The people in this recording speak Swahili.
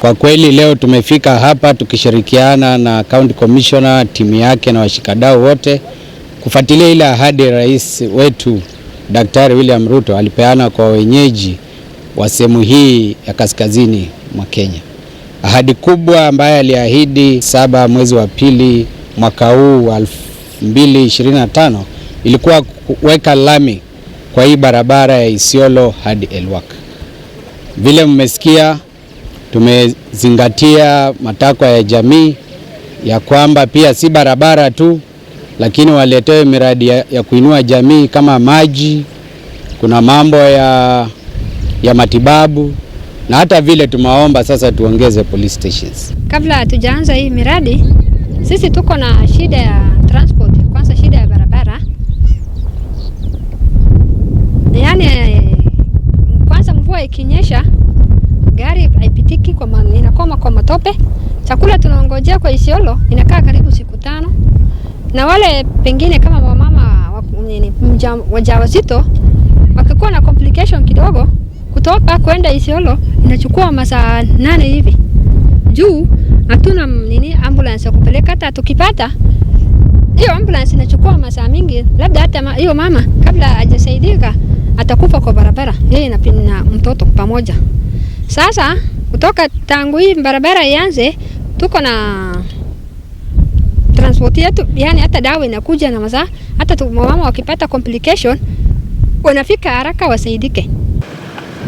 Kwa kweli leo tumefika hapa tukishirikiana na County Commissioner, timu yake na washikadau wote kufuatilia ile ahadi rais wetu Daktari William Ruto alipeana kwa wenyeji wa sehemu hii ya kaskazini mwa Kenya. Ahadi kubwa ambayo aliahidi saba mwezi wa pili mwaka huu wa 2025 ilikuwa kuweka lami kwa hii barabara ya Isiolo hadi Elwak. Vile mmesikia tumezingatia matakwa ya jamii ya kwamba pia si barabara tu, lakini waletewe miradi ya, ya kuinua jamii kama maji, kuna mambo ya, ya matibabu na hata vile tumewaomba sasa tuongeze police stations. Kabla hatujaanza hii miradi, sisi tuko na shida ya transport, kwanza shida ya barabara, yaani kwanza mvua ikinyesha gari haipitiki kwa maana inakoma kwa matope. Chakula tunaongojea kwa Isiolo inakaa karibu siku tano, na wale pengine kama wamama wajawazito wakikuwa na complication kidogo, kutoka kwenda Isiolo inachukua masaa nane hivi, juu hatuna nini ambulance ya kupeleka. Hata tukipata hiyo ambulance inachukua masaa mingi, labda hata hiyo ma, mama kabla hajasaidika atakufa kwa barabara, yeye na mtoto pamoja. Sasa kutoka tangu hii barabara ianze, tuko na transport yetu, yani hata dawa inakuja na mazaa, hata mama wakipata complication wanafika haraka wasaidike.